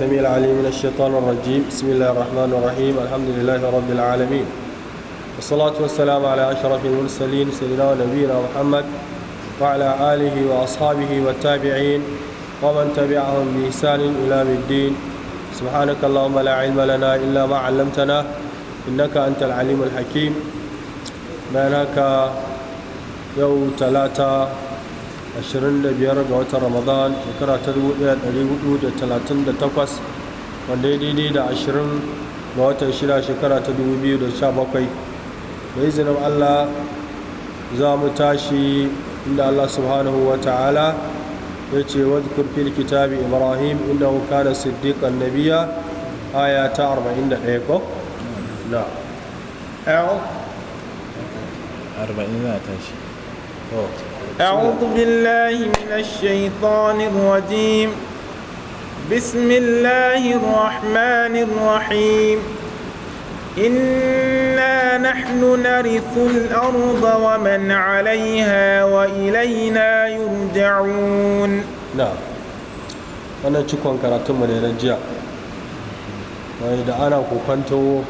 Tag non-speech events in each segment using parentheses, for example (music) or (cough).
السميع العليم من الشيطان الرجيم بسم الله الرحمن الرحيم الحمد لله رب العالمين والصلاة والسلام على أشرف المرسلين سيدنا ونبينا محمد وعلى آله وأصحابه والتابعين ومن تبعهم بإحسان إلى الدين سبحانك اللهم لا علم لنا إلا ما علمتنا إنك أنت العليم الحكيم بينك يوم ثلاثة 25 ga watan ramadan shekara ta 1438 wanda ya daidai da 20 ga watan shida shekara ta 2017 da izinin allah za mu tashi inda allah subhanahu wa ta'ala ya ce wadkur fil kitabi ibrahim inda da siddiqan nabiya aya ta 41 ko na arba'in za a tashi أعوذ بالله من الشيطان الرجيم بسم الله الرحمن الرحيم إنا نحن نرث الأرض ومن عليها وإلينا يرجعون نعم wannan cikon karatunmu ne na jiya da ana kokanto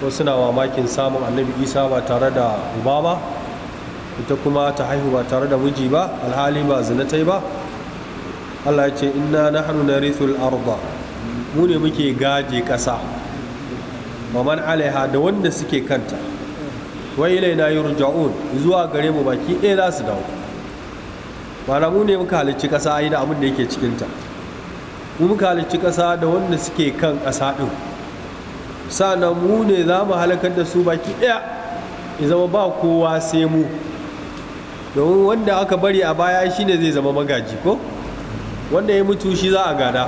ko suna mamakin samun annabi isa ba tare da uba ba ita kuma ta haihu ba tare da miji ba alhali ba zina ta ba Allah ya ce inna nahnu narithul arda mu ne muke gaje ƙasa wa man alaiha da wanda suke kanta wa ilaina yurja'un zuwa gare mu baki ɗaya za su dawo mana mu ne muka halicci ƙasa ai da abin da yake cikinta mu muka halicci ƙasa da wanda suke kan ƙasa ɗin sa'annan mu ne za mu halakar da su baki ɗaya ya zama ba kowa sai mu domin wanda aka bari a baya shine zai zama magaji ko wanda ya mutu shi za a gada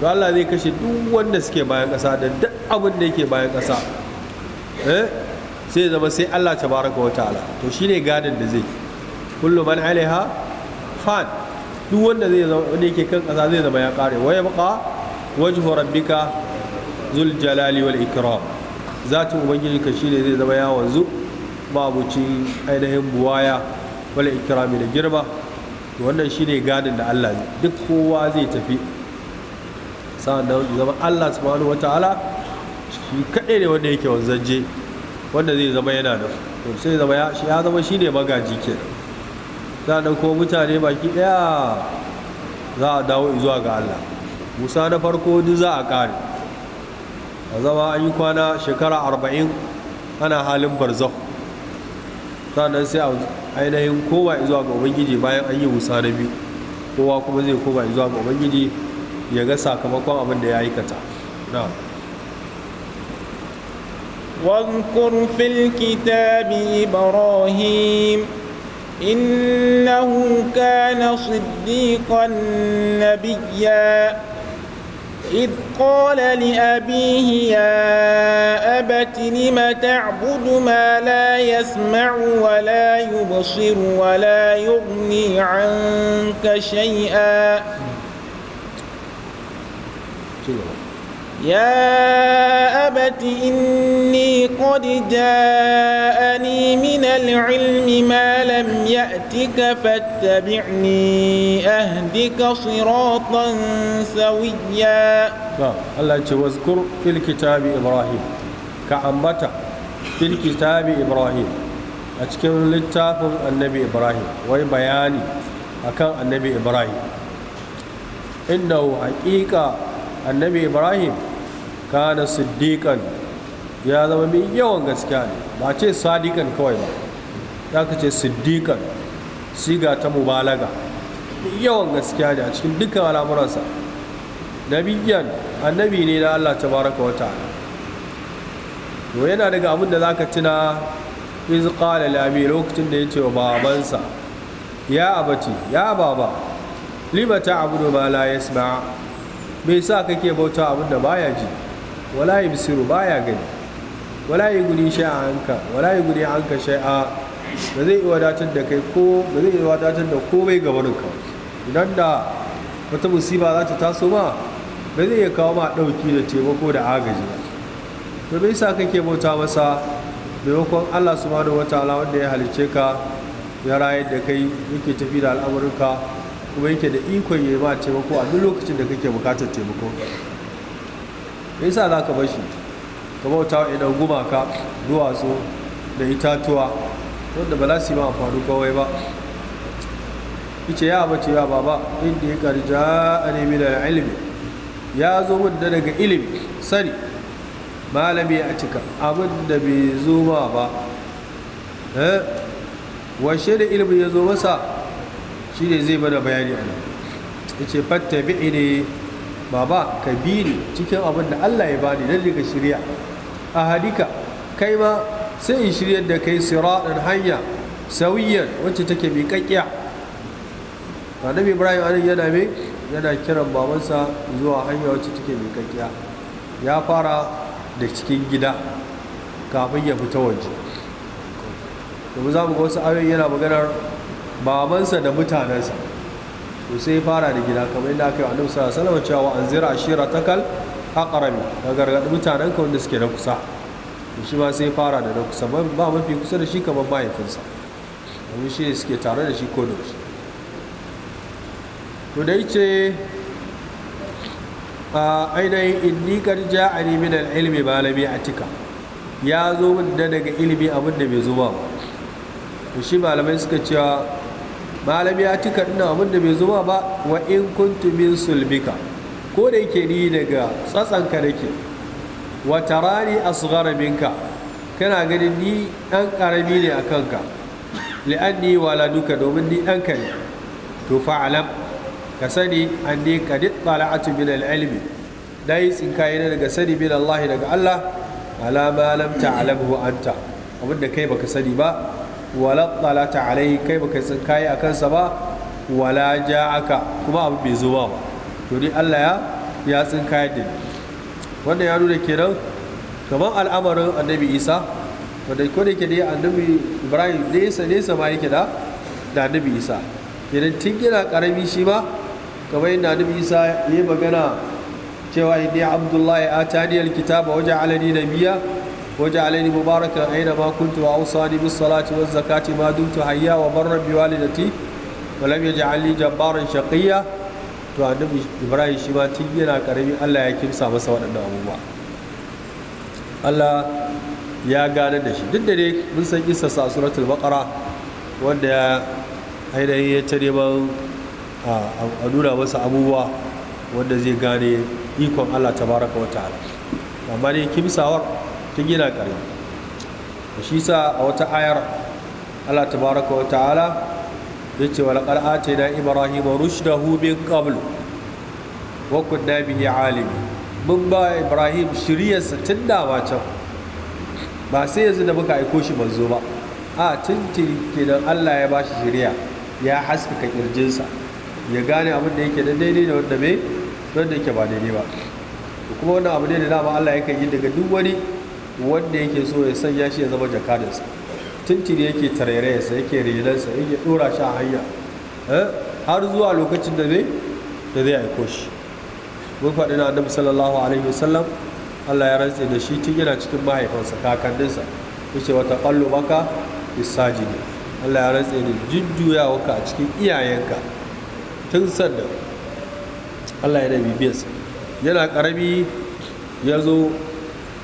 to Allah zai kashe duk wanda suke bayan ƙasa da duk abin da yake bayan ƙasa eh sai zama sai Allah ta baraka wa ta'ala to shine gadin da zai kullu man alaiha fan duk wanda zai zama wanda yake kan ƙasa zai zama ya kare wa yabqa wajhu rabbika zul jalali wal ikram zatin shi ne zai zama ya wanzu babucin ainihin buwaya wala ikrami da girma wannan shine gadin da Allah ne duk kowa zai tafi sa'annan zama Allah subhanahu wataala shi kadai ne wanda yake wanzaje wanda zai zama yana da to sai zama ya shi ya zama shine magaji kenan da ko mutane baki daya za a dawo zuwa ga Allah Musa na farko duk za a kare a zama an yi kwana shekara arba'in ana halin barzakh sannan sai a ainihin kowa zuwa ga ubangiji bayan an yi wusa na biyu kowa kuma zai kowa zuwa ga ubangiji ya ga sakamakon abin da ya aikata na واذكر في الكتاب إبراهيم إنه كان صديقا نبيا إذ قال لأبيه يا أبت لم تعبد ما لا يسمع ولا يبصر ولا يغني عنك شيئا يا أبت إن إني قد جاءني من العلم ما لم يأتك فاتبعني أهدك صراطا سويا الله تذكر في الكتاب إبراهيم كعمتا في الكتاب إبراهيم أتكلم للتاف النبي إبراهيم ويبياني أكان النبي إبراهيم إنه حقيقة النبي إبراهيم كان صديقا ya zama mai yawan gaskiya ne ba ce sadikan kawai ba za ka ce siddiƙan siga ta mubalaga mai yawan gaskiya ne a cikin dukkan al'amuransa nabiyan annabi ne na allah ta baraka wata to yana daga abin da za ka tuna iz qala lami lokacin da ya ce wa babansa ya abati ya baba lima abudu ma la yasma me sa kake bauta abin da baya ji wala yabsiru baya gani wala ya guri a hanka wala ya guri shi a ba zai wadatar da kai ko ba zai wadatar da komai ga ka idan da wata musiba za ta taso ma ba zai iya kawo ma ɗauki da taimako da agaji ba to bai sa kake bauta masa maimakon allah su subhanahu wata ala wanda ya halicce ka ya rayar da kai yake tafi da al'amurka kuma yake da ikon yi ma taimako a duk lokacin da kake bukatar taimako bai sa za ka bashi? ka bauta wa idan gumaka duwatsu da itatuwa wanda ba za su yi ma amfani kawai ba ice ya bace ya baba inda ya karja a nemi da ilimi ya zo min da daga ilimi sani malami a cika abin da bai zo ma ba eh? washe da ilimin ya zo masa shi ne zai bada bayani a nan ya ce fatta bi'i ne baba ka bi ni cikin abin da allah ya bani don daga shirya hadika kai ma sai in shiryar da kai siraɗin hanya sauyiyar wacce take miƙaƙƙiya annabi ibrahim anan yana me yana kiran babansa zuwa hanya wacce take miƙaƙƙiya ya fara da cikin gida kafin ya fita waje domin za mu ga wasu ayoyi yana maganar babansa da mutanensa to sai fara da gida kamar yadda aka yi annabi sallallahu alaihi wasallam cewa an zira ashira takal haƙarami ka gargaɗi mutanenka wanda suke na kusa shi ma sai fara da na kusa ba mafi kusa da shi kamar mahaifinsa domin shi ne suke tare da shi ko da shi to da ce a ainihin inni karja a min ilmi lami a tika ya zo min da daga ilimi abin da bai zo ba to shi malamai suka cewa malami a tika ina abin da bai zo ba wa in kuntu min sulbika ko da yake ni daga tsatsanka nake wata rani asghara minka kana ganin ni ɗan ƙarami ne a kanka li'anni waladuka domin ni ka ne to fa'alam ka sani anni qad tala'atu min al-ilmi dai tsinkaye ne daga sani min Allah daga Allah ala ma lam ta'lamhu anta abinda kai baka sani ba wala talata alai kai baka tsinkaye akan sa ba wala ja'aka kuma abu bai zo ba to ni Allah ya ya tsinka da din. wanda ya nuna kenan kamar al'amarin annabi isa wanda ko da ke dai annabi ibrahim nesa nesa ma yake da da annabi isa idan tun yana karami shi ba kamar yadda annabi isa ya yi magana cewa inni abdullahi atani alkitaba waje alani nabiya waje alani mubaraka aina ma kuntu wa ausani bis salati waz zakati ma dumtu hayya wa barra bi walidati wa lam yaj'alni jabbaran shaqiyya to annabi ibrahim shi ma tun yana karami allah ya kimsa masa waɗannan abubuwa allah ya gane da shi duk da dai mun san isa sa suratul baqara wanda ya ainihin ya ta neman a nuna masa abubuwa wanda zai gane ikon allah tabaraka wa ta'ala amma dai kimsawar tun yana karami shi sa a wata ayar allah tabaraka wa ta'ala zai ce wa wal ce na ibrahim rushdahu min qablu wa kunna alimi mun ba ibrahim shiriyarsa tun da can ba sai yanzu da muka aiko shi manzo ba a tuntun da Allah ya bashi shiriya ya haskaka ƙirjinsa ya gane abin da yake da daidai da wanda bai wanda yake ba daidai ba kuma wannan abu ne da dama Allah ya yakan yi daga duk wani wanda yake so ya sanya shi ya zama jakadinsa tuntuni yake tarairayarsa yake relansa yake dora shi a hanya eh, har zuwa lokacin da zai da zai aiko shi mun faɗi na annabi sallallahu alaihi wasallam Allah ya rantse da shi tun yana cikin mahaifansa kakanninsa yace wata qallu baka bisajidi Allah ya rantse da jujjuyawarka a cikin iyayenka tun sanda Allah ya da bibiyarsa yana karami ya zo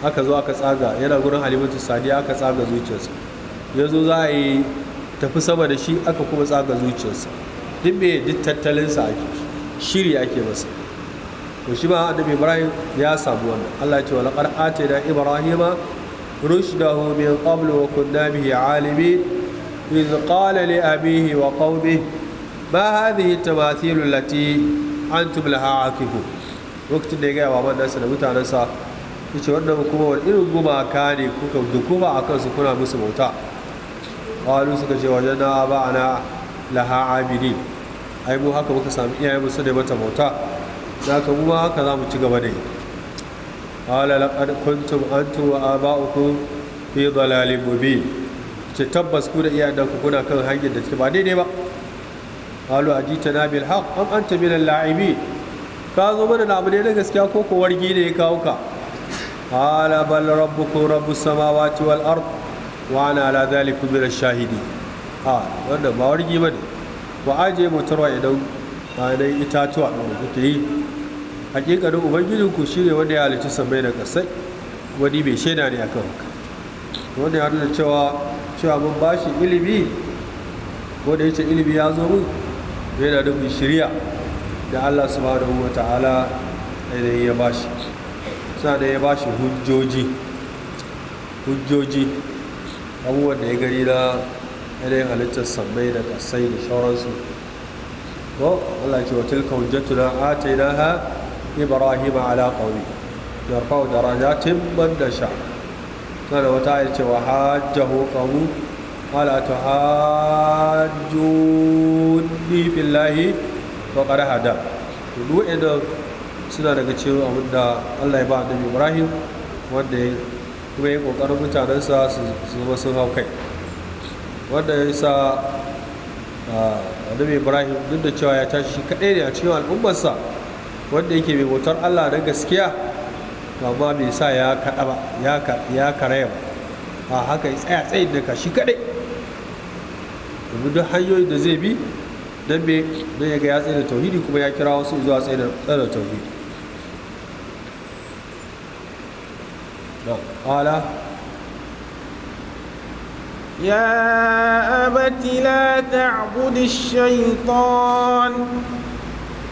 aka zo aka tsaga yana gurin halimatu sadiya aka tsaga zuciyarsa ya zo za a yi tafi sama da shi aka kuma tsaga zuciyarsa duk me duk tattalinsa ake shiri ake masa to shi ma annabi ibrahim ya samu wannan allah ce wala qara'ati da ibrahima rushdahu min qablu wa kunna bihi alimin إذ قال لأبيه وقومه ما هذه التماثيل التي أنتم لها عاكفون وقت da ya wa nasa da mutanansa, ya ce wannan kuma wani irin gumaka ne kuka dukuma a kansu kuna musu bauta qalu suka ce wajen na wajadna ba'ana laha abidin ai mu haka muka sami iyayen mu sai mata bauta zaka mu haka za mu ci gaba da yi qala laqad kuntum antum wa aba'ukum fi dalalin mubin ce tabbas ku da iyayen ku kuna kan hanyar da take ba daidai ba qalu na bil haqq an anta min al la'ibi ka zo mana na abu ne na gaskiya ko ko wargi ne ya kawo ka qala bal ko rabbus samawati wal ardh wa ana ala zalika min shahidi a wanda ba wargi bane wa aje mutarwa idan bayan itatuwa da kuke yi hakikanin ubangijin ku shine wanda ya halicci sammai da kasai wani mai shaida ne akan haka wanda ya harda cewa cewa mun bashi ilimi ko da yace ilimi ya zo mun yana da shirya da Allah subhanahu wa ta'ala idan ya bashi sa da ya bashi hujjoji hujjoji abubuwan da ya gari na yanayin halittar sammai da kasai da shauransu ko Allah ce wa tilka hujjatuna atainaha ibrahim ala qawmi yarfa'u darajatin man sha. tana wata ayar cewa hajjahu qawmu qala tuhajjuni billahi wa qad hada duk suna daga cewa abin da Allah ya ba annabi ibrahim wanda ya kuma yi ƙoƙarin mutanensa su zama sun hau kai wanda ya sa annabi ibrahim duk da cewa ya tashi shi kaɗai ne a cikin al'ummarsa wanda yake mai motar allah na gaskiya amma bai sa ya kaɗa ba ya karaya ba a haka ya tsaya tsayin daga shi kaɗai domin duk hanyoyin da zai bi don ya ga ya tsaye da tauhidi kuma ya kira wasu zuwa tsaye da tauhidi قال يا أبت لا تعبد الشيطان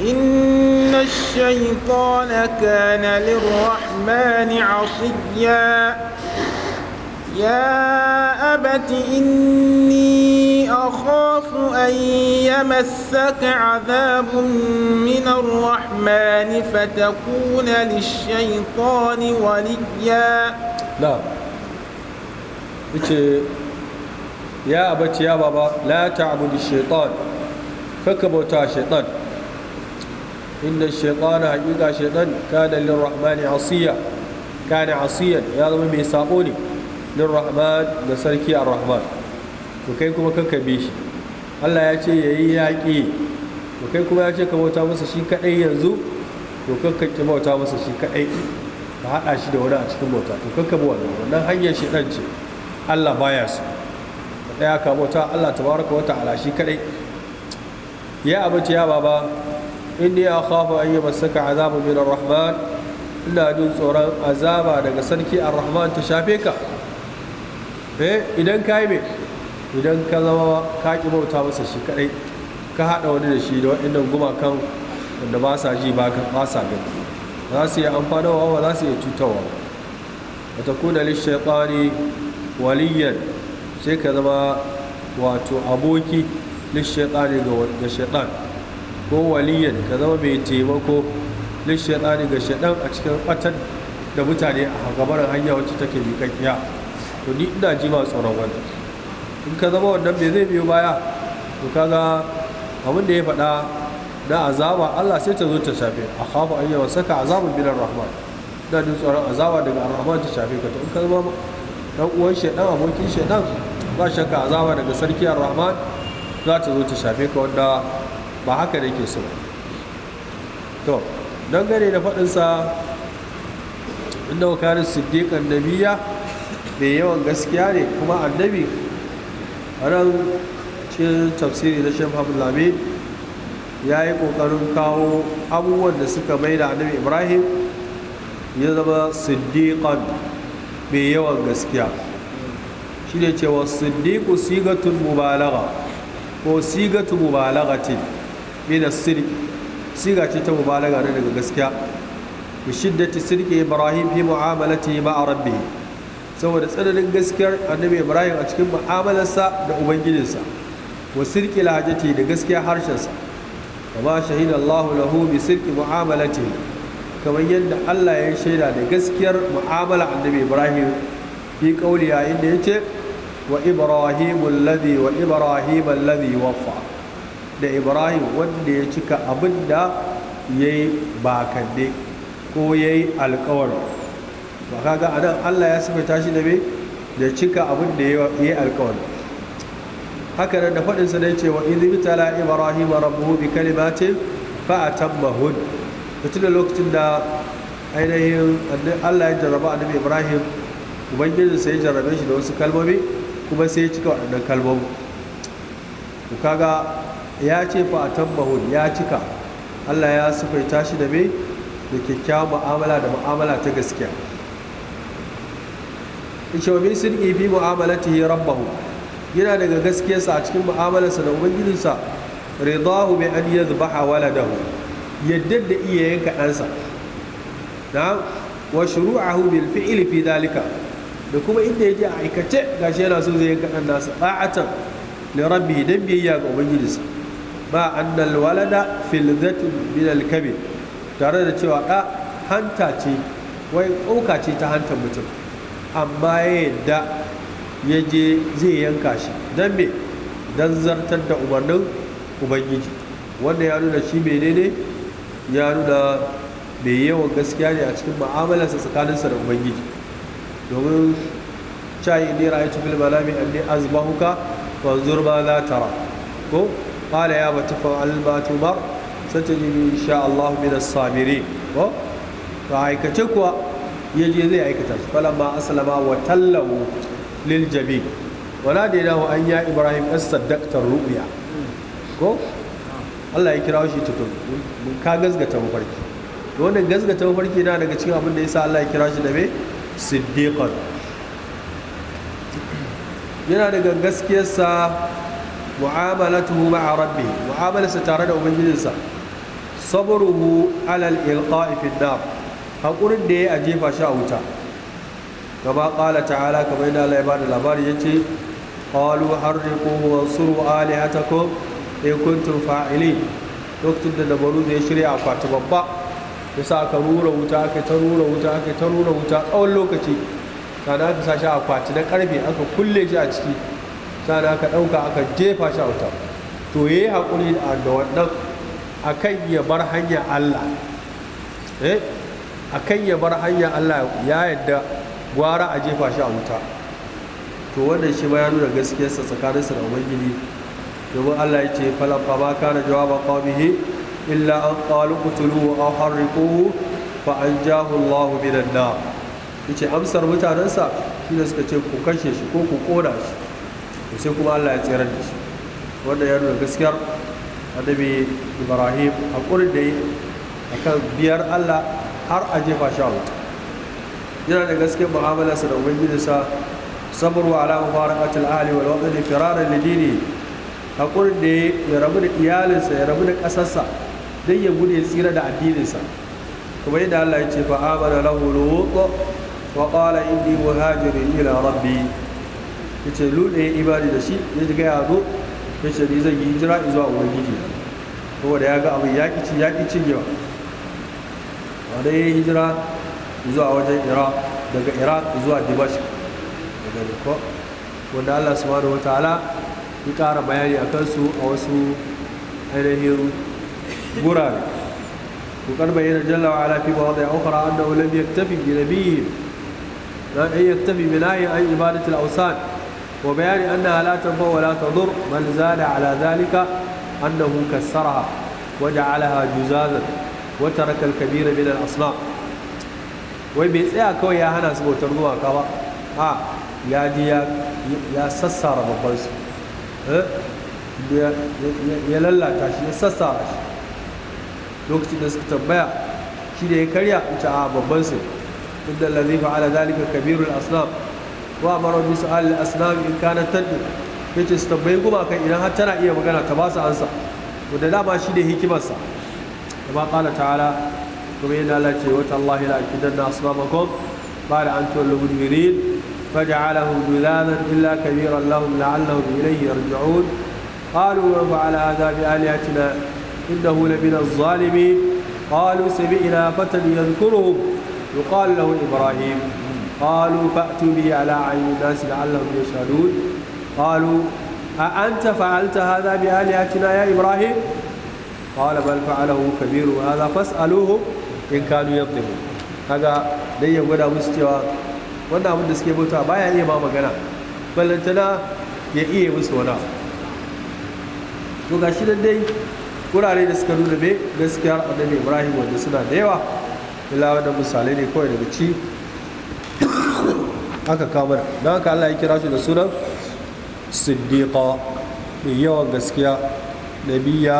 إن الشيطان كان للرحمن عصيا يا أبت إني أخاف أن يمسك عذاب من الرحمن فتكون للشيطان وليا na yace ya abaci ya baba la ta'budu shaitan kaka bauta shaitan inda shaitan hakika shaitan kana lirrahmani asiya kana asiyan ya zama mai sabo ne lirrahman da sarki a rahman to kai kuma kaka bi shi Allah ya ce yayi yaƙi kai kuma ya ce ka bauta masa shi kadai yanzu masa shi ka haɗa shi da wani a cikin bauta to kakka bi wannan wannan hanyar shaidan ce Allah baya su ka ɗaya ka bauta Allah tabaraka wa ta'ala shi kadai ya abace ya baba inni akhafu an yamassaka saka min ar-rahman ina jin tsoron azaba daga sarki ar-rahman ta shafe ka eh idan ka yi mai idan ka zama ka ki bauta masa shi kadai ka haɗa wani da shi da waɗannan gumakan wanda ba sa ji ba sa gani za su yi wa ba za su yi cutarwa ba ta kuna waliyyar sai ka zama wato aboki lishaitani ga shaitan ko waliyyar ka zama mai taimako lishaitani ga shaitan a cikin ɓatan da mutane a gabarin hanya wacce take miƙaƙiya to ni ina ji ma tsoron wani. in ka zama wannan mai zai biyo baya to kaga abin da ya faɗa da azaba Allah sai ta zo ta shafe a khafa ayyawa saka azabun bilar rahman da duk tsoron azaba daga rahman ta shafe ka to in ka zama dan uwan shedan abokin shedan ba shakka azaba daga sarki rahman za ta zo ta shafe ka wanda ba haka da ke so to dangane da faɗinsa inda wakari siddiƙan nabiya mai yawan gaskiya ne kuma annabi a cin cikin tafsiri na shan hamdulamin ya yi ƙoƙarin kawo abubuwan da suka mai da annabi ibrahim ya zama siddiƙan mai yawan gaskiya shi ne cewa siddiƙu sigatun mubalaga ko sigatu mubalagatin mina sirki siga ce ta mubalaga ne daga gaskiya bi shiddati sirki ibrahim fi mu'amalati ma'a rabbi saboda tsananin gaskiyar annabi ibrahim a cikin mu'amalarsa da ubangijinsa wa sirki lahajati da gaskiya harshensa kama shahida Allah lahu bi sirki mu'amalati kamar yadda Allah ya shaida da gaskiyar mu'amala annabi Ibrahim fi qauliya inda yace wa Ibrahim alladhi wa Ibrahim alladhi waffa da Ibrahim wanda ya cika abinda yayi bakande ko yayi alƙawari ba kaga nan Allah ya sifata shi da me da cika abin da yi alƙawari haka da faɗin sa da ce wa idh tala ibrahim rabbuhu bi kalimatin fa atammahun da lokacin da ainihin Allah ya jarraba annabi ibrahim ubangijin sai ya jarrabe shi da wasu kalmomi kuma sai ya cika waɗannan kalmomi ku kaga ya ce fa atammahun ya cika Allah ya sufaita shi da me da kyakkyawan mu'amala da mu'amala ta gaskiya ishomin sun ibi mu'amalatihi rabbahu yana daga gaskiyarsa a cikin mu'amalarsa da ubangijinsa ridahu bi an yadhbaha waladahu yadda da iya yanka ɗansa na wa shuru'ahu bil fi'li fi dalika da kuma inda yaje a aikace gashi yana so zai yanka ɗan nasa ta'atan li rabbi dan biyayya ga ubangijinsa ba annal walada fildatun min al tare da cewa ɗa hanta ce wai ƙauka ce ta hantar mutum amma ya yadda ya je zai yanka shi don me don zartar da umarnin ubangiji wanda ya nuna shi menene ya nuna mai yawan gaskiya ne a cikin tsakanin sa da ubangiji domin cayi ne ra'aytu fil manami anni azbahuka wanzur ba za tara ko hala ya batu fa albatu sace satajini insha Allah min as ko ka aikace kuwa yaje zai aikata shi falamma aslama wa tallahu lil jabi da yadahu an ya ibrahim as saddaqta ru'ya ko Allah ya kira shi tutun ka gazgata mafarki to wannan gazgata mafarki yana daga cikin abin da yasa Allah ya kira shi da me siddiqan yana daga gaskiyarsa mu'amalatuhu ma'a rabbi mu'amalarsa tare da ubangijinsa sabruhu alal ilqa'i fi dar hakurin da ya jefa shi a wuta gaba ƙala ta'ala kamar yadda Allah ya bada labari ya ce qalu harriqu wa ansuru alihatakum in kuntum fa'ilin lokacin da dabaru da ya shirya akwati babba ya sa aka rura wuta aka ta rura wuta aka ta rura wuta tsawon lokaci sana aka sa shi akwati na karfe aka kulle shi a ciki sana aka ɗauka aka jefa shi a wuta to ya yi haƙuri da wannan a kan ya bar hanyar Allah a kan ya bar hanyar Allah ya yadda gwara a jefa shi a wuta to wannan shi ma ya nuna gaskiyarsa tsakaninsa da ubangiji domin allah ya ce falafa ma kana jawaban qawmihi illa an qalu qutuluhu an harriquhu fa anjahu allah minan nar yace amsar mutanensa shida suka ce ku kashe shi ko ku kona shi sai kuma allah ya tsira da shi wannan ya nuna gaskiyar annabi ibrahim hakurin da yi akan biyar allah har a jefa shi a wuta yana da gaske mu'amalarsa da ubangijinsa sabarwa ala mubarakatul ahli wal waqti firaran lidini hakurin da ya rabu da iyalinsa ya rabu da ƙasarsa don ya gude tsira da addininsa kuma yadda Allah ya ce fa amana lahu lut wa qala inni muhajirun ila rabbi yace lut ya ibadi da shi ya ga ya zo yace ni zan yi hijira zuwa ubangiji da ya ga abin yaƙi ci ya ci cinyewa wanda ya hijira zuwa wajen iraq daga iraq zuwa dibash daga riko wanda allah subhanahu wa ta'ala ya kara bayani a kansu a wasu ainihin gurare ku karba yana jalla wa ala ba wadda ya ukura an da ulam ya tafi bi nabihi dan ya tafi bi nahi an ibadatul awsan wa bayani anna la tanfa wa la tadur bal zada ala zalika annahu kassaraha وجعلها جزازا وترك الكبير من الاصنام wai bai tsaya kawai ya hana su bautar gumaka ba a ya ji ya sassara babbansu eh? ya lallata shi ya sassara shi lokacin da suka tambaya shi da ya karya wuce a babban su inda lazifa ala zalika kabirul asnam wa amara bi su'al asnam in kana tadu ce su tambayi gumakan idan har tana iya magana ta ba su ansa wanda dama shi da hikimarsa kama qala ta'ala kuma yana Allah ce wata Allah la akidanna asbabakum ba'da فجعلهم tullu إلا كبيرا لهم لعلهم إليه يرجعون قالوا من فعل هذا بآلهتنا إنه لمن الظالمين قالوا سمعنا فتى يذكرهم يقال له إبراهيم قالوا فأتوا به على عين الناس لعلهم يشهدون قالوا أأنت فعلت هذا بآلهتنا يا إبراهيم قال بل فعله كبير هذا فاسألوهم in kanu yaftahu kaga dai ya gwada musu cewa wannan abin da suke bauta baya iya ma magana ballantana ya iya musu wani to gashi nan dai wurare da suka nuna me gaskiyar annabi ibrahim wanda suna da yawa ila wanda misalai ne kawai daga ci aka kamar don haka allah ya kira shi da sunan siddiqa mai yawan gaskiya nabiya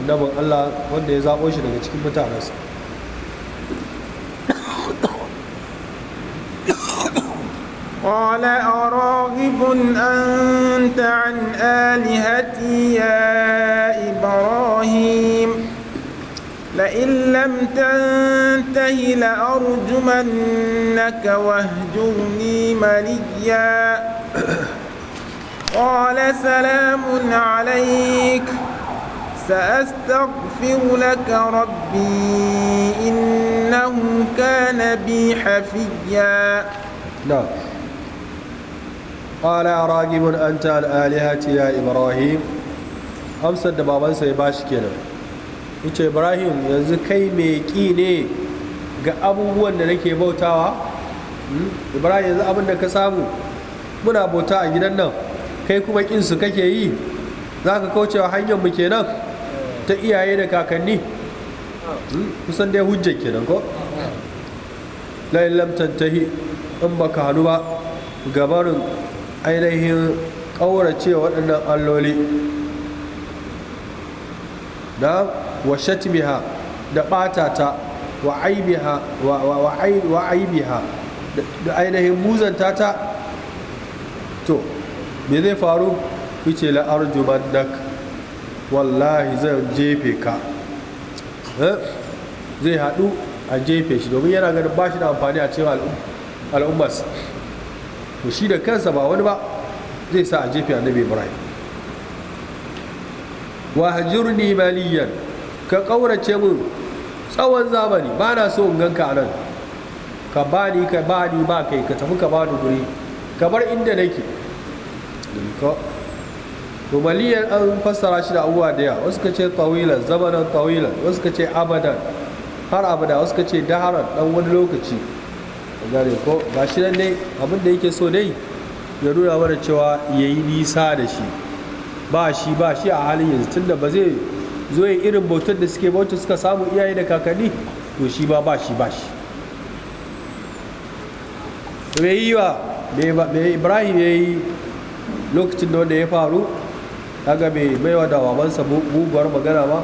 annabin allah wanda ya zaɓo shi daga cikin mutanensa قال أراغب أنت عن آلهتي يا إبراهيم لئن لم تنته لأرجمنك واهجرني مليا قال سلام عليك سأستغفر لك ربي إنه كان بي حفيا نعم. قال راغب da عن ya يا إبراهيم amsar da babansa ya bashi kenan yace ibrahim yanzu kai mai ki ne ga abubuwan da nake bautawa ibrahim yanzu abin da ka samu muna bauta a gidan nan kai kuma ƙin su kake yi za ka kaucewa hanyar mu kenan ta iyaye da kakanni kusan dai hujjar kenan ko la in lam tantahi in baka hannu ba gabarin ainihin ƙaurace waɗannan alloli da wa shatmiha da ɓata ta wa aibiha da ainihin muzanta ta to me zai faru la'ar la dak? wallahi zan jefe ka eh, zai haɗu a jefe shi domin yana ganin ba shi da amfani a cikin al'ummas to shi da kansa ba wani ba zai sa a jefe annabi ibrahim wa hajurni maliyan ka kaurace mun tsawon zamani ba na so in ganka a nan ka ba ni ka ba ni ba kai ka tafi ka ba ni guri kamar inda nake to maliyan an fassara shi da abubuwa da yawa wasu ka ce tawilan zamanin tawilan wasu ka ce abadan har abada wasu ka ce daharan dan wani lokaci gare ko ba shi nan dai abin da yake so dai ya nuna mana cewa ya yi nisa da shi ba shi ba shi a halin yanzu tun da ba zai zo ya irin bautar da suke bautar suka samu iyaye da kakanni to shi ba ba shi ba shi yi wa me ibrahim ya yi lokacin da wanda ya faru daga bai baiwa da wabansa buguwar magana ba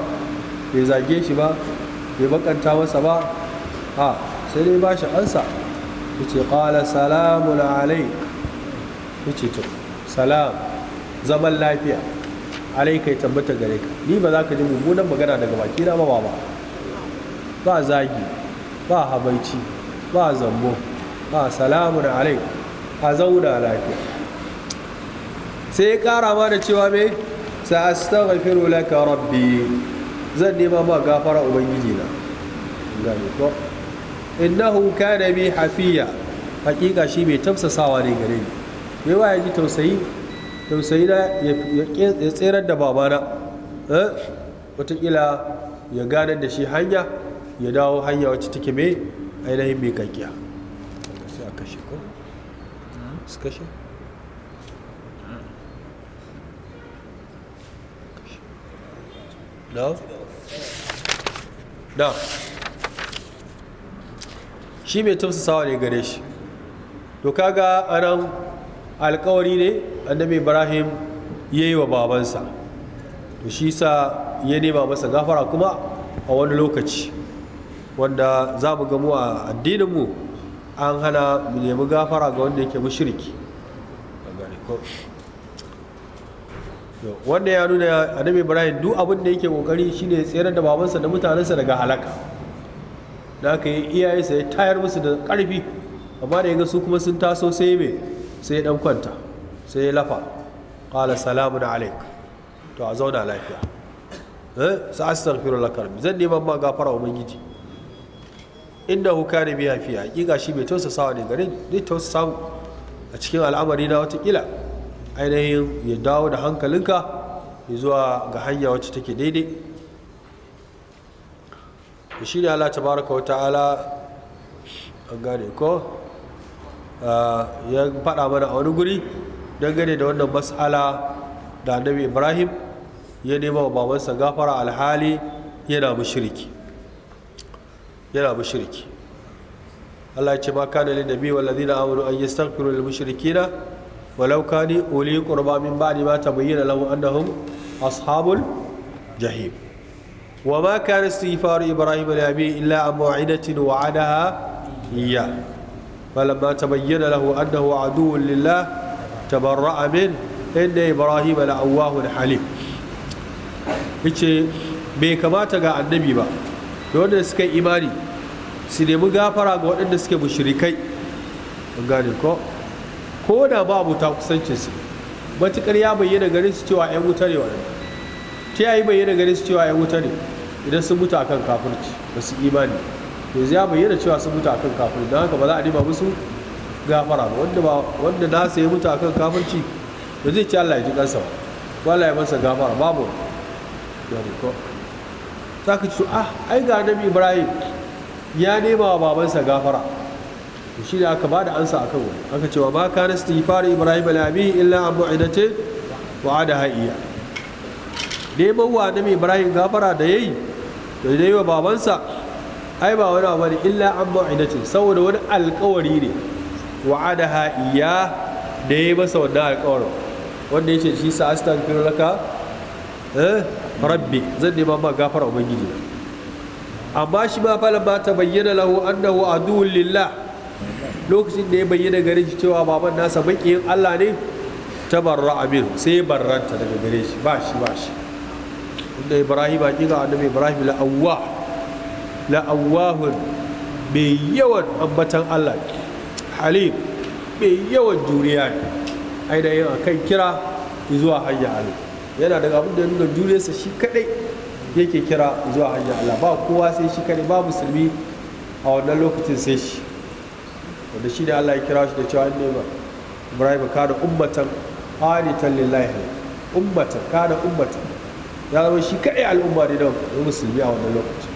bai zage shi ba bai bakanta masa ba ha sai dai ba shi ansa yace salamu salamun alaik yace to salam zaman lafiya alaika ya tabbata gare ka ni ba za ka ji mummunan magana daga baki na ba ba ba zagi ba habaici ba zambo ba salamun alaik a zauna lafiya sai ya kara ma da cewa mai sa astaghfiru laka rabbi zan nema ma gafara ubangiji na gane ko innahu kana bi hafiya hakika shi mai tafsasawa ne gare ni me ba ya ji tausayi tausayi na ya tserar da babana eh, watakila ya ganar da shi hanya ya dawo hanya wacce take mai ainihin mai kakiya sai a kashe ko su kashe shi mai sawa ne gare shi to kaga anan alkawari ne annabi ibrahim ya yi wa babansa to shi sa ya nema masa gafara kuma a wani lokaci wanda za mu gamu a addininmu an hana mu nemi gafara ga wanda yake mushriki wanda ya nuna annabi ibrahim duk abin da yake kokari shine tsere da babansa da mutanensa daga halaka da aka yi iyaye sai tayar musu da ƙarfi amma da ga su kuma sun taso sai mai sai dan kwanta sai ya lafa qala salamun alaik to a zauna lafiya eh, sa astaghfiru lak rabbi zan neman ma gafara ubangiji inda huka ne biya fiya hakika shi mai sawa ne gare tausa samu a cikin al'amari na watakila ainihin ya dawo da hankalinka zuwa ga hanya wacce take daidai shi ne Allah tabaraka wa ta'ala gane ko ah, ya faɗa mana a wani guri dangane da wannan mas'ala da annabi ibrahim ya nema wa babansa gafara alhali yana mushriki yana mushriki Allah ya ce ma kana lin nabi wal ladina amanu an yastaghfiru lil mushrikina walau kani uli qurba min ba'di ma tabayyana lahu annahum ashabul jahim وما كان استغفار إبراهيم لأبيه إلا عن موعدة وعدها إياه فلما تبين له أنه عدو لله تبرأ منه إن إبراهيم لأواه حليم yace bai kamata ga annabi ba da wanda suka yi imani su nemi gafara ga waɗanda suke mushrikai gane ko ko da ba abuta kusancinsu Matukar ya bayyana garin su cewa 'yan wuta ne waɗanda ta yayi bayyana garin su cewa 'yan wuta ne idan sun mutu akan kafirci ba su imani to ya bayyana cewa sun mutu akan kafirci don haka ba za a nema musu gafara ba wanda ba wanda nasa ya mutu akan kafirci ba zai ci Allah ya ji kansa ba ko Allah ya masa gafara babu ya ko ta ka ci ah ai ga Nabi Ibrahim ya nema wa babansa gafara to shi ne aka bada ansa akan wani aka cewa ba ka kana fara Ibrahim alabi abi illa an mu'idatin wa'adaha ha'iya neman wa Nabi Ibrahim gafara da yayi da idan yi wa babansa ai ba wani abu ne illa an ma'idatin saboda wani alkawari ne wa'adaha iya da ya yi masa wannan alkawarin wanda ya ce shi sa astaghfiru Eh rabbi zan nema ma gafar ubangiji amma shi ma falan ba ta bayyana lahu annahu aduwwun lillah lokacin da ya bayyana gare shi cewa baban nasa yin Allah ne ta tabarra amin sai barranta daga gare shi ba shi ba shi da ibrahim a kika annabi ibrahim la'awwa la'awwahun mai yawan ambatan allah halim mai yawan juriya ne ai da yin kan kira zuwa hanyar allah yana daga abin da ya nuna juriyarsa shi kadai yake kira zuwa hanyar allah ba kowa sai shi kadai ba musulmi a wannan lokacin sai shi wanda shi ne allah ya kira shi da cewa ne ba ibrahim da ummatan hanitan lillahi ummatan da ummatan ya zo shi kaɗai al'umma ne da musulmi a wannan lokaci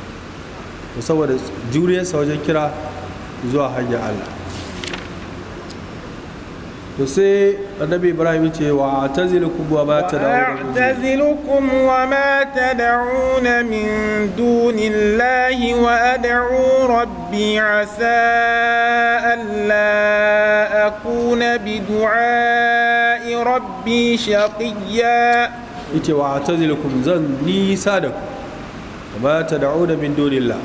to saboda juriyarsa wajen kira zuwa hanyar allah to sai annabi ibrahim ce wa atazilukum wa ma tad'un atazilukum wa ma tad'un min dunillahi wa ad'u rabbi asa alla akuna bi du'a'i rabbi shaqiyya. yace wa atazilukum zan nisa da ku amma da min dunillah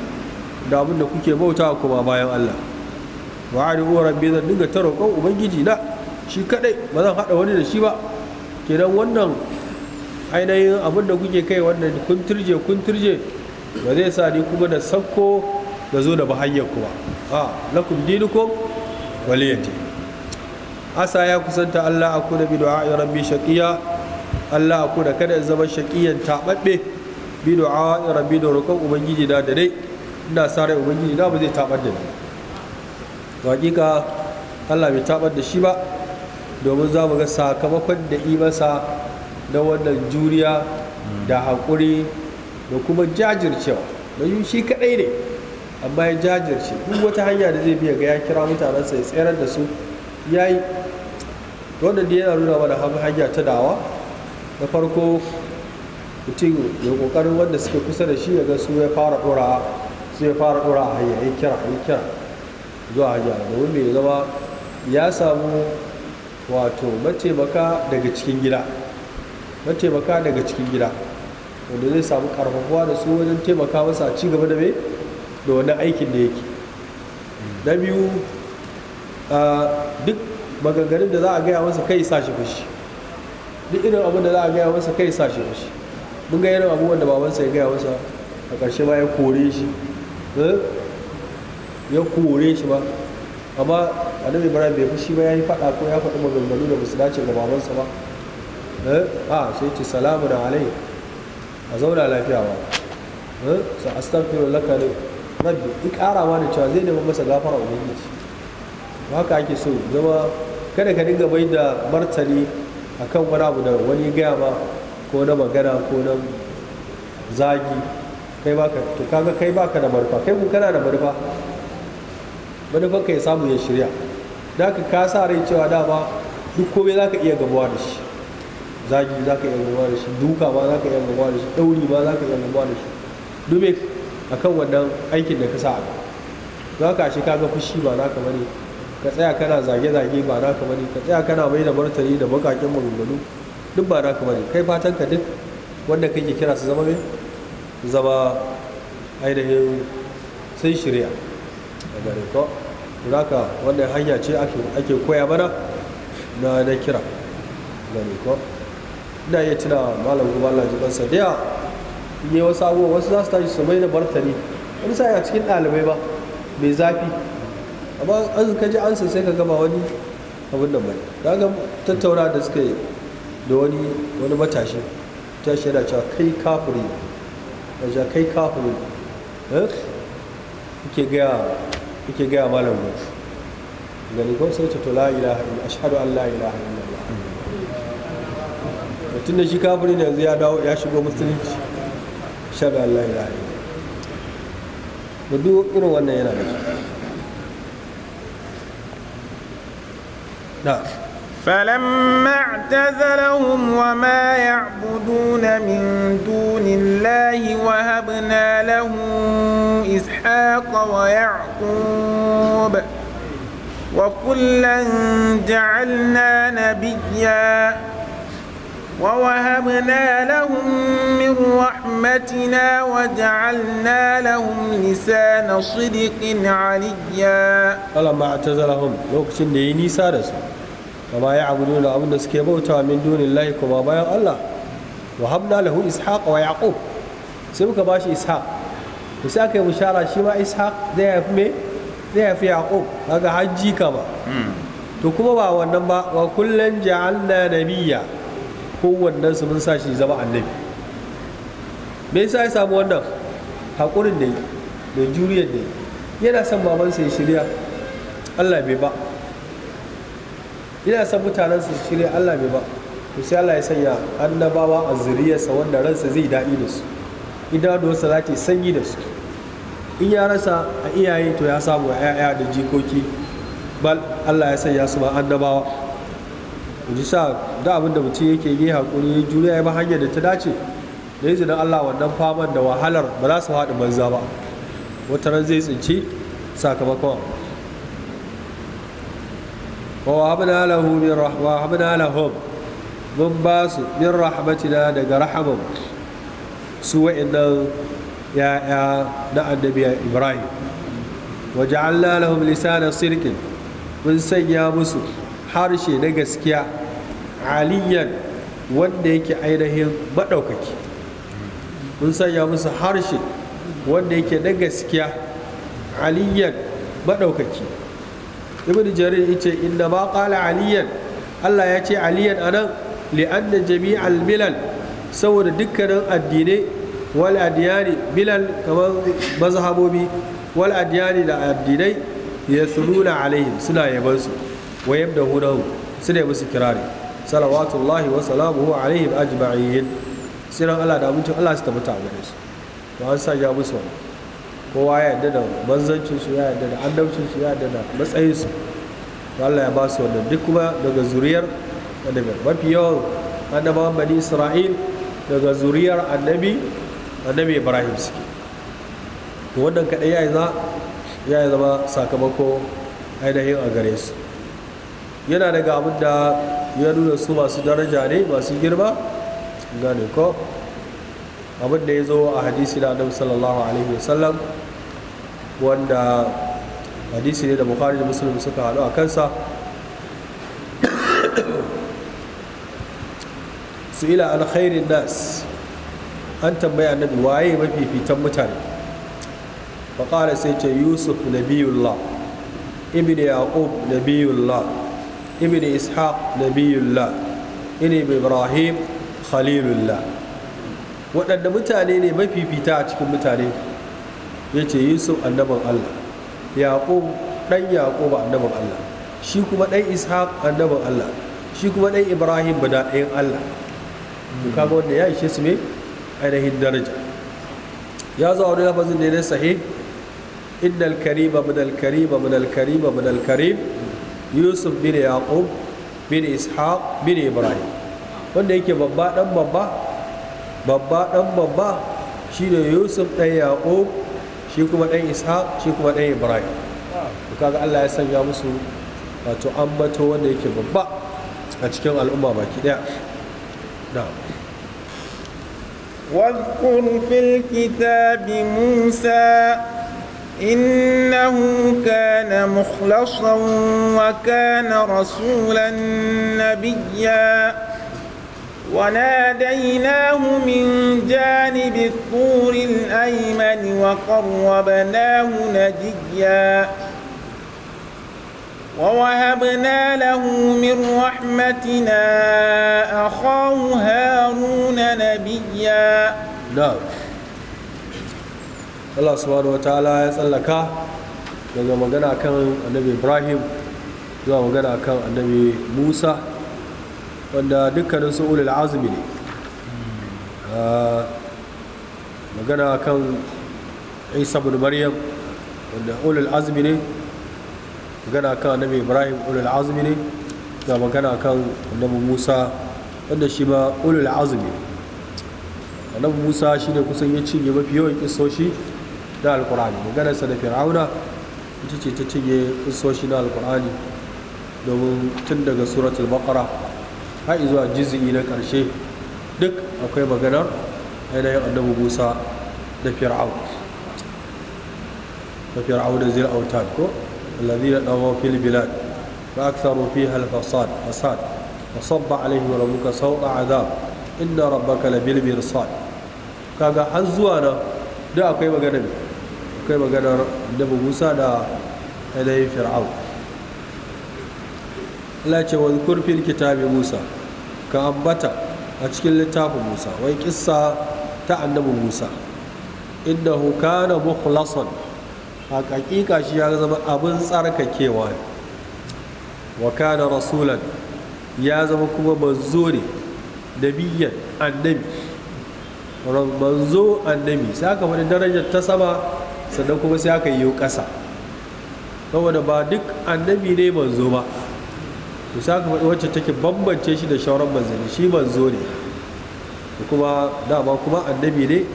da abin da kuke bauta kuma bayan Allah wa adu rabbi zan dinga ta roƙon ubangiji na shi kadai ba zan hada wani da shi ba kenan wannan ainihin abin da kuke kai wannan kun turje kun turje ba zai sa ni kuma da sakko da zo da bahayyar kuma a lakum dinukum waliyati asa ya kusanta Allah a da bi du'a rabbi shaqiya Allah ku da kada zama shaqiyan tababbe bi du'a rabbi da roƙon ubangiji da da dai ina rai ubangiji da ba zai tabar da ni to hakika Allah bai tabar da shi ba domin za mu ga sakamakon da yi masa na wannan juriya da haƙuri da kuma jajircewa don shi kaɗai ne amma ya jajirce duk wata hanya da zai biya ga ya kira mutanensa ya tsayar da su ya yi wannan da yana nuna mana hanya ta dawa da farko mutum ya kokarin wanda suke kusa da shi ya ga su ya fara dora su ya fara dora a hayya ya kira a kira zuwa hanya domin mai zama ya samu wato mataimaka daga cikin gida mataimaka daga cikin gida wanda zai samu karfafuwa da su wajen taimaka masa ci gaba da mai da wani aikin da yake na biyu ah, duk maganganun da za a gaya masa kai sa shi fushi duk irin abin da za a gaya masa kai sa shi shi mun ga irin abubuwan da babansa ya gaya masa a ƙarshe ba ya kore shi eh? ya kore shi ba amma annabi ibrahim bai fushi ba ya yi faɗa ko ya faɗi maganganu da musu dace ga babansa ba eh? a sai ce salamu da alai a zauna lafiya ba eh? sa astaghfiru laka rabbi duk ƙarawa da cewa zai nemi masa gafara ubangiji haka ake so zama kada ka dinga bai da martani akan wani abu da wani gaya ma ko na magana ko na zagi kai baka to kaga kai baka da manufa kai kun kana da manufa manufan ka ya samu ya shirya da ka ka sa rai cewa dama duk komai za ka iya gabuwa da shi zagi za ka iya gabuwa da shi duka ma za ka iya gabuwa da shi ɗauri ma za ka iya gabuwa da shi dume kan wannan aikin da ka sa a za ka shi kaga fushi ba za ka bane ka tsaya kana zage-zage ba na kamar ka tsaya kana mai da martani da bakakin maganganu duk ba na kamar kai fatan ka duk wanda kake kira su zama mai zama ainihin sun shirya a gare ko zaka wanda hanya ce ake koya mana na na kira gare ko ina iya tuna malam kuma Allah sa kansa da yi wasu abubuwa wasu za su tashi su mai da martani wani sa a cikin ɗalibai ba mai zafi amma an ka ji ansa sai ka gaba wani abin da bane da ga tattauna da suka yi da wani wani matashi ta yana cewa kai kafiri da ja kai kafiri eh yake gaya yake ga malam mu gani ko sai ta tola ilaha illa ashhadu an la ilaha illallah mutum da shi kafiri ne yanzu ya dawo ya shigo musulunci ashhadu an la ilaha illallah duk irin wannan yana da shi نعم فلما اعتزلهم وما يعبدون من دون الله وهبنا له إسحاق ويعقوب وكلا جعلنا نبيا ووهبنا لهم من رحمتنا وجعلنا لهم لسان صدق عليا فلما اعتزلهم لوكشن نيسا رسول kama ya abudu na abin da suke bauta min dunillahi kuma bayan Allah wa habna lahu ishaq wa yaqub sai muka bashi ishaq to sai aka yi bishara shi ma ishaq zai haifi me zai haifi yaqub kaga hajji ka ba hmm. to kuma ba wannan ba wa kullan ja'alna nabiyya wannan su mun sa shi zama annabi me yasa ya samu wannan hakurin da da juriyar da yana son babansa ya shirya Allah bai ba ina san mutanen su shirya Allah mai ba to sai Allah ya sanya annabawa a zuriyarsa wanda ransa zai daɗi da su idanuwarsa za ta sanyi da su in ya rasa a iyaye to ya samu a 'ya'ya da jikoki bal Allah ya sanya su ma annabawa ji sa da abin da mutum yake yi hakuri juriya ya ba hanyar da ta dace da izinin Allah wannan faman da wahalar ba za su haɗu banza ba wata ran zai tsinci sakamakon ووهبنا له من رح... وهبنا لهم من باس من رحمتنا دغ رحمه سوى إن يا يا النبي إبراهيم وجعلنا لهم لسان صدق من harshe na gaskiya aliyan wanda yake ainihin maɗaukaki musu harshe wanda yake na gaskiya aliyan maɗaukaki ibn jarir yace inda ma qala aliyan Allah ya ce aliyan anan li'anna jami'al milal saboda dukkanin addinai wal adyani milal kamar mazhabobi wal adyani da addinai ya yasununa alaihim suna yaban su wa yabdahunahu suna musu kirari salawatullahi wa salamuhu alaihim ajma'in siran Allah da abincin Allah su tabbata a gare su to an sa ja musu wannan kowa ya yarda da banzancinsu ya yarda da annabcinsu ya yarda da matsayinsu Allah ya ba su wannan duk kuma daga zuriyar annabi mafi yawan annabawan bani isra'il daga zuriyar annabi annabi ibrahim suke to wannan kaɗai ya za ya zama sakamako ainihin a gare su yana daga abin da ya nuna su masu daraja ne masu girma gane ko abin da ya zo a hadisi da annabi sallallahu alaihi wasallam wanda hadisi ne da bukhari da muslim suka haɗu a kansa (coughs) su ila an khairin nas an tambaya annabi waye mafi fitan mutane faƙara sai ce yusuf nabiyullah ibn yaqub nabiyullah ibn ishaq nabiyullah ibn ibrahim khalilullah waɗanda mutane ne mafifita a cikin mutane ya ce yusuf annaban allah Yaƙo ɗan ba annaban allah shi kuma ɗan ishaq annaban allah shi kuma ɗan ibrahim bada ɗayan allah to kaga wanda ya ishe su ne ainihin daraja ya zo wani lafazin ne na sahi innal karima min al karima min al karima min al karim yusuf bin yaqub bin ishaq bin ibrahim wanda yake babba dan babba babba ɗan babba shi ne yusuf ɗan yaƙo shi kuma ɗan ishaq shi kuma ɗan ibrahim kaga allah ya sanya musu wato ambato wanda yake babba a cikin al'umma baki ɗaya واذكر في الكتاب موسى إنه كان مخلصا وكان رسولا نبيا وناديناه من جانب الطور الأيمن وقربناه نجيا ووهبنا له من رحمتنا أخاه هارون نبيا نعم Allah subhanahu wa ta'ala ya tsallaka daga magana kan annabi Ibrahim zuwa magana kan annabi Musa wanda dukkanin su ulul azumi ne hmm. ah, magana kan isa bin maryam wanda ulul azumi ne magana kan annabi ibrahim ulul azumi ne da magana kan annabi musa wanda shi ba ulul azumi annabi musa shi ne kusan ya cinye mafi yawan kisoshi na alkurani sa da fir'auna ita ce ta cinye kisoshi na alkurani domin tun daga suratul baqara har zuwa jizi'i na ƙarshe duk akwai maganar ainihin annabi musa da fir'au da fir'au da zil autan ko allazi da ɗawo fil bilad fa aktharu fiha al-fasad fasad wa sabba alaihi rabbuka sawta azab inna rabbaka labil mirsad kaga har zuwa na da akwai maganar akwai maganar annabi musa da ainihin fir'au Allah ce wa kurfin kitabi Musa ka ambata a cikin littafin musa wai kissa ta annabi musa Inda hukana mukhlasan a hakika shi ya zama abin tsarkakewa wa kana rasulan ya zama kuma manzo ne nabiyyan annabi manzo annabi sai aka faɗi darajar ta sama sannan kuma sai aka yi ƙasa saboda ba duk annabi ne manzo ba to sai aka faɗi wacce take bambance shi da shauran manzanni shi manzo ne da kuma dama kuma annabi ne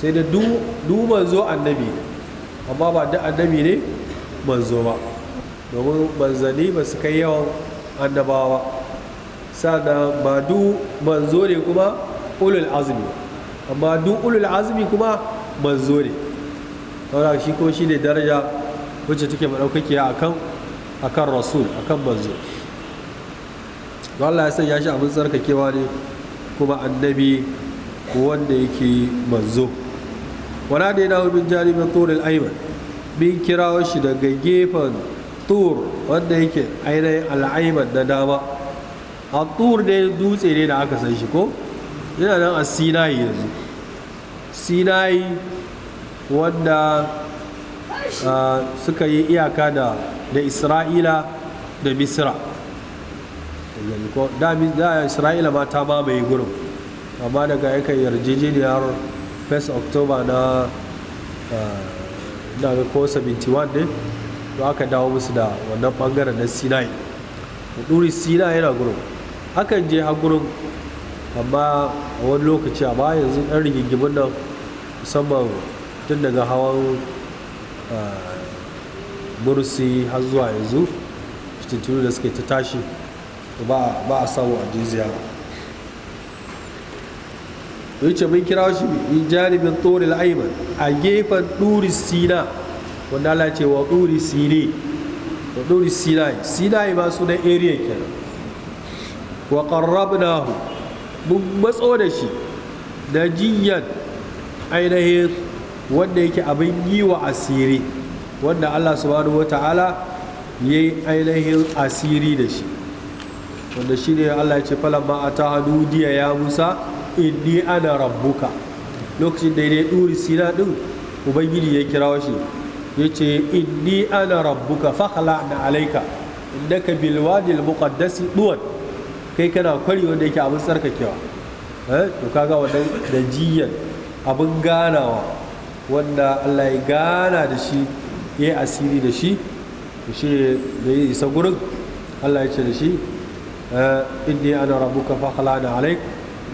sai da du manzo annabi amma ba da annabi ne manzo ba domin manzanni ba su kai yawan annabawa sannan ba du manzo ne kuma ulul azumi amma du ulul azumi kuma manzo ne saboda shi ko shi ne daraja wacce take maɗaukakiya a kan rasul akan manzo don Allah ya sanya shi abin tsarkakewa ne kuma annabi wanda yake manzo wana da yana min jaribin turil aiman min kirawo shi daga gefen tur wanda yake ainihin al'aiman na dama a tur ne dutse ne da aka san shi ko yana nan a sinayi yanzu sinayi wanda ah, suka yi iyaka da isra'ila da misra da isra'ila ma ta mamaye gurin amma daga yaka yarjejeniyar 1st october na daga ah, ko 71 ne to aka dawo musu da wannan bangaren na sinai da sinai yana gurin akan je har gurin amma a wani lokaci a ba yanzu ɗan rigingimin nan musamman tun daga hawan ah, mursi har zuwa yanzu fitattunu da suke ta tashi ba a samu a jiziya ba yace mun kira shi min janibin tsoril aiman a gefen ɗuri sina wanda Allah ce wa ɗuri sine wa ɗuri sinai sinai ma na area kenan wa qarrabnahu mun matso da shi da jiyan ainihin wanda yake abin yi wa asiri wanda Allah subhanahu wa ta'ala ya yi ainihin asiri da shi wanda shi ne Allah ya ce falamma ataha nudiya ya Musa inni ana rabbuka lokacin da ya duri sina din ubangiji ya kira shi ya ce inni ana rabbuka fakhla na alaika innaka bil wadi al muqaddasi duwan kai kana kwari wanda yake abin tsarkakewa eh to kaga wannan da jiyan abin ganawa wanda Allah ya gana da shi ya asiri da shi shi da ya isa gurin Allah ya ce da shi inni ana rabbuka fakhlana alaik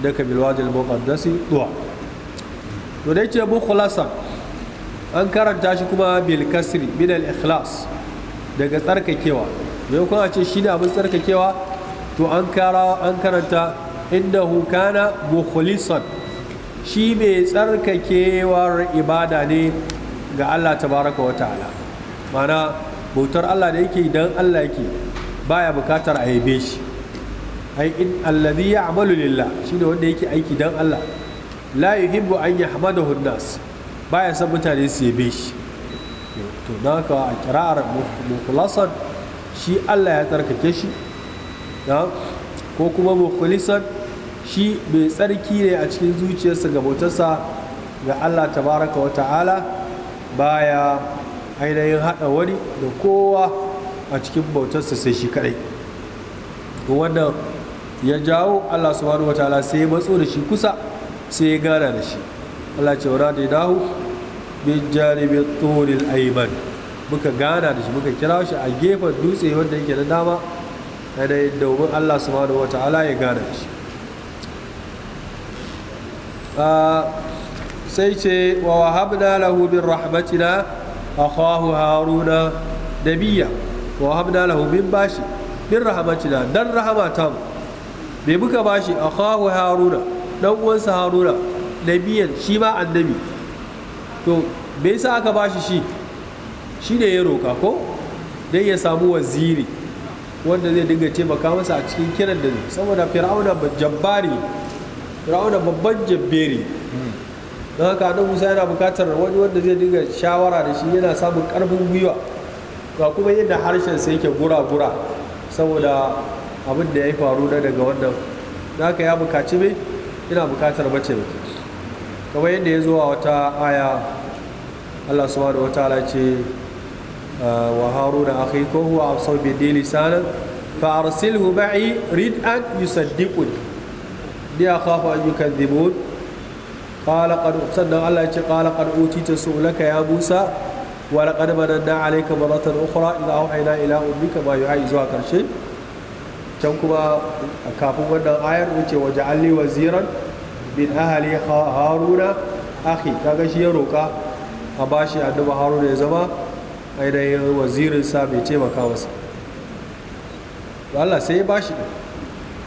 daka bil wadi al muqaddas tuwa to dai ce bu khulasa an karanta shi kuma bil kasri min al ikhlas daga tsarkakewa me kuma ce shi ne abin tsarkakewa to an kara an karanta innahu kana mukhlisan shi mai tsarkakewar ibada ne ga Allah tabaraka wa ta'ala Ma'ana bautar Allah da yake idan Allah yake baya bukatar a yabe shi ai alladhi ya'malu lillah shine wanda yake aiki dan Allah la yuhibbu an yahmadahu nas baya san mutane su yabe shi to dan haka a kira'ar mukhlasan shi Allah ya tsarkake shi ko kuma mukhlisan shi mai tsarki ne a cikin zuciyarsa ga bautarsa ga Allah tabaraka wa ta'ala baya ainihin haɗa wani da kowa a cikin bautarsa sai shi kaɗai wannan ya jawo Allah subhanahu wataala sai ya matso da shi kusa sai ya gara da shi Allah ce wara da dahu bi janibi turil ayman muka gana da shi muka kira shi a gefen dutse wanda yake da dama da domin Allah subhanahu wataala ya gara da shi sai ce wa wahabna lahu bin rahmatina akhahu haruna nabiyya wa wahabna lahu min bashi bin rahmatina dan rahama tamu bai buka bashi kawo haruna dan uwansa haruna nabiyan shi ma annabi to me yasa aka bashi shi shi ne ya roka ko dai ya samu waziri wanda zai dinga taimaka masa a cikin kiran da saboda fir'auna jabbari fir'auna babban jabberi don haka nan Musa yana bukatar wani wanda zai dinga shawara da shi yana samun karfin gwiwa ga kuma yadda harshen sai yake gura-gura saboda abin da ya faru na daga wannan na ka ya bukaci mai ina bukatar mace mai kamar yadda ya zuwa wata aya Allah su subhanahu wataala ce ah, wa haruna akhi ko huwa afsaw bi dili sanan fa arsilhu ma'i rid an yusaddiqun a akhafa an yi kan qad sannan Allah ya ce qala qad utita su'laka ya Musa wa laqad mananna alayka maratan ukhra idha awhayna ila ummika ma yi zuwa karshe can kuma kafin wannan ayar wuce waje alli waziran bin ahali haruna akhi kaga shi ya roƙa a bashi annabi haruna ya zama ainihin wazirin sa mai taimaka masa Allah sai ya bashi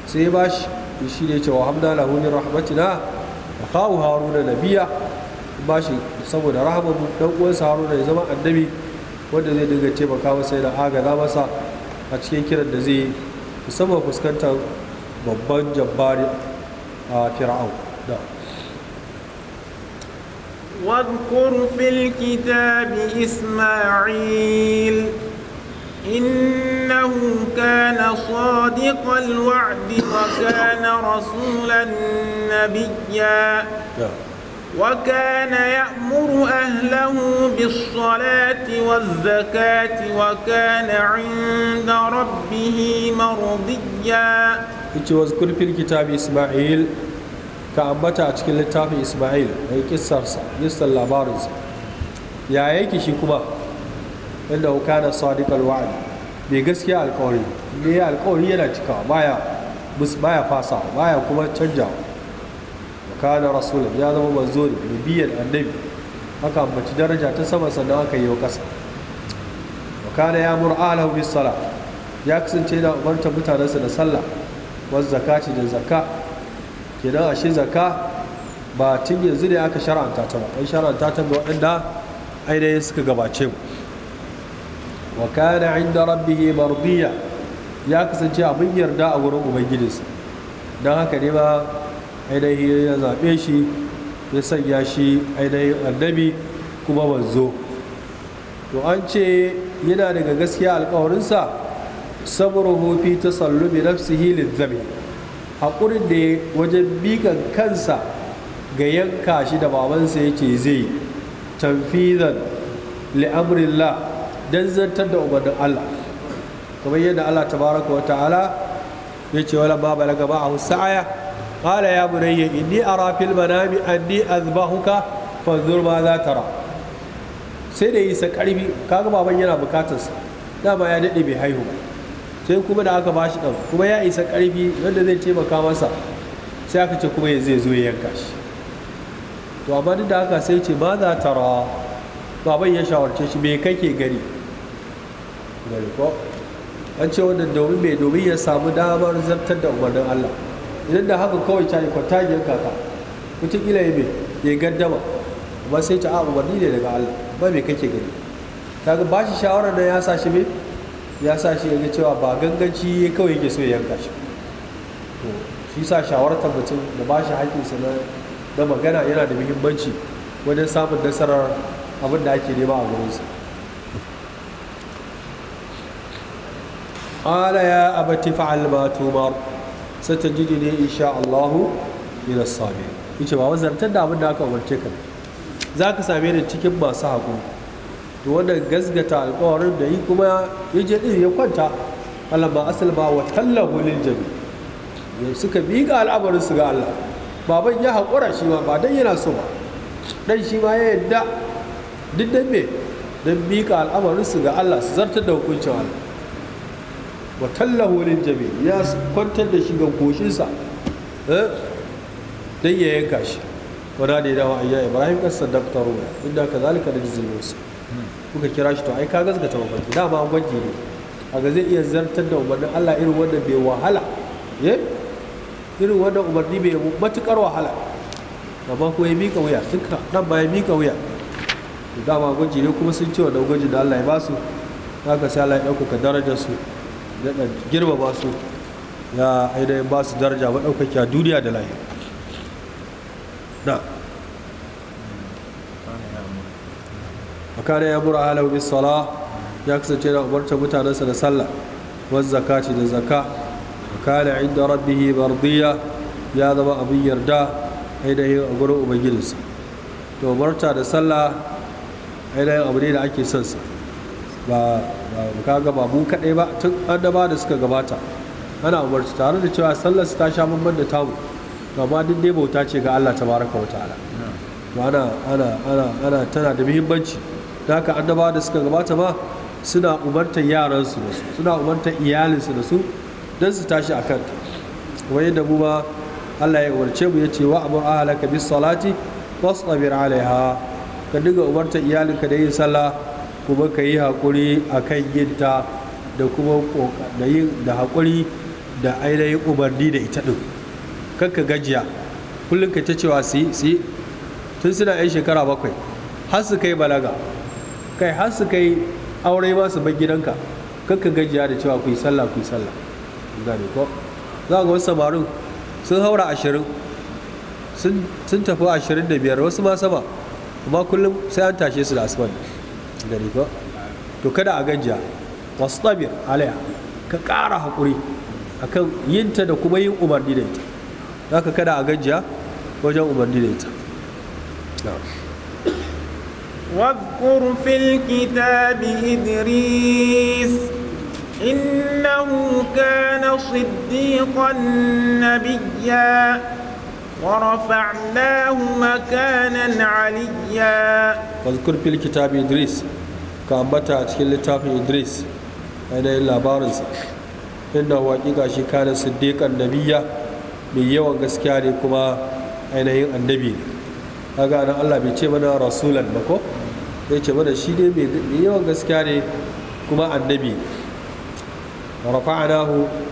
sai ya bashi shi ne cewa hamda lahu min rahmatina wa kawo haruna nabiya bashi saboda rahmamu dan uwansa haruna ya zama annabi wanda zai dinga taimaka masa yana agaza masa a cikin kiran da zai yi musamman fuskantar babban jabbari a fir'aun da واذكر في الكتاب إسماعيل إنه كان صادق الوعد وكان رسولا نبيا yeah. وكان يأمر أهله بالصلاة والزكاة وكان عند ربه مرضيا واذكر في الكتاب إسماعيل كأبتا أتكلم لتاف إسماعيل أي كسر يسر لابارز يا أيك شكما إنه كان صادق الوعد بيغسكي القول ليه القول ينا تكا بايا بس بايا فاسا بايا كما تنجاو kana rasulun ya zama manzo ne nabiyan annabi aka ambaci daraja ta sama sannan aka yi wa ƙasa wa kana ya mur'alahu bis sala ya kasance yana umarta mutanensa da sallah wasu zakati da zakka kenan ashe zakka ba tun yanzu ne aka shara'anta ta ba an shara'anta ta ga waɗanda ainihin suka gabace mu wa kana inda rabbihi mardiya ya kasance abin yarda a wurin ubangijinsa don haka ne ba ainihi ya zaɓe shi ya sanya shi ainihin annabi kuma manzo to an ce yana daga gaskiya alkawarinsa sabruhu fi tasallubi nafsihi lidhabi haƙurin da ya wajen bikan kansa ga yanka shi da babansa ya ce zai tanfidan li'amrillah don zartar da umarnin Allah kamar yadda Allah tabaraka wa ta'ala ya ce wala ba ba a sa'aya qala ya bunayya inni ara fil manami anni azbahuka fanzur ma za tara sai da isa karfi kaga baban yana bukatarsa dama ya daɗe bai haihu sai kuma da aka bashi ɗan kuma ya isa karfi wanda zai taimaka masa sai aka ce kuma ya zai zo ya yanka shi to amma da aka sai ce ma za tara baban ya shawarce shi me kake gani gani ko an ce wannan domin mai domin ya samu damar zartar da umarnin Allah idan da haka kawai ta yi kwatagiyar kaka ila ya mai ya gaddama ba sai ta abu wani ne daga allah ba mai kake gani ga ba shi shawarar da ya sa shi mai ya sa shi ga cewa ba ganganci ya kawai yake so ya yanka shi to shi sa shawarar mutum da ba shi haƙƙinsa na na magana yana da muhimmanci wajen samun nasarar abin da ake nema a gurinsa قال يا أبت فعل ما تؤمر satajidi ne insha Allahu ila sabi yace ba wazartar da abin da aka umarce ka Za ka same ni cikin masu haƙuri to wanda gasgata alƙawarin da yi kuma yaje din ya kwanta Allah ba asal ba wa tallahu lil jami suka bi ga al'amarin su ga Allah baban ya haƙura shi ma ba dan yana so ba dan shi ma ya yadda duk dan me dan bi ga al'amarin su ga Allah su zartar da hukuncin Allah wa tallahu lil jami ya kwantar da shi ga goshinsa eh dan ya yanka shi wa da da wa ayya ibrahim kas sadaqtaru inda kazalika da jizil musa kuka kira shi to ai ka gazgata mafarki dama gwaji ne a ga zai iya zartar da umarnin Allah irin wanda bai wahala eh irin wanda umarni bai matukar wahala amma ko ya mika wuya sun ka nan ba ya mika wuya dama gwaji ne kuma sun ce wa da gwaji da Allah ya ba su haka sai Allah ya ɗaukaka darajar su daɗa ba su ya aida ba su daraja maɗaukaki a duniya da da A makana ya mura halau bi sala ya kasance da umarta mutanensa da sallah wani zakati da zaka makana inda rabbihi bardiya ya zama abin yarda yi a gurin ubangijinsa to umarta da sallah ainihin abu ne da ake son sa ba kaga ba mu kaɗai ba tun annaba da suka gabata ana umarci tare da cewa sallar su ta sha mamman da tamu amma duk dai bauta ce ga Allah tabaraka wa ta'ala ana ana ana tana da muhimmanci da haka annaba da suka gabata ma suna umartar yaransu da su suna umartar iyalinsu da su don su tashi a kanta wai da mu ba Allah ya umarce mu ya ce wa abu ahalaka bis salati wastabir alaiha ka dinga umartar iyalinka da yin sallah kuma ka yi haƙuri a kan yinta da kuma da yin da haƙuri da ainihin umarni da ita ɗin kanka gajiya kullum ka ta cewa su yi su yi tun suna yan shekara bakwai har su kai balaga kai har su kai aure masu su bar gidanka kanka gajiya da cewa ku yi sallah ku yi sallah gane ko za ga wasu samarin sun haura ashirin sun tafi ashirin da biyar wasu ma sama amma kullum sai an tashe su da asuban gari ko to kada a gajiya wastabir alaiha ka ƙara haƙuri a kan yinta da kuma yin umarni da ita za ka kada a gajiya wajen umarni da ita واذكر في الكتاب إدريس إنه كان صديقا نبيا ورفعناه مكانا عليا likita في الكتاب إدريس كان بتا cikin littafin Idris ainihin labarinsa inda waƙiƙa shi kane siddiƙan nabiya mai yawan gaskiya ne kuma ainihin annabi ne kaga nan Allah bai ce mana rasulan ba ko ya ce mana shi ne mai yawan gaskiya ne kuma annabi rafa'anahu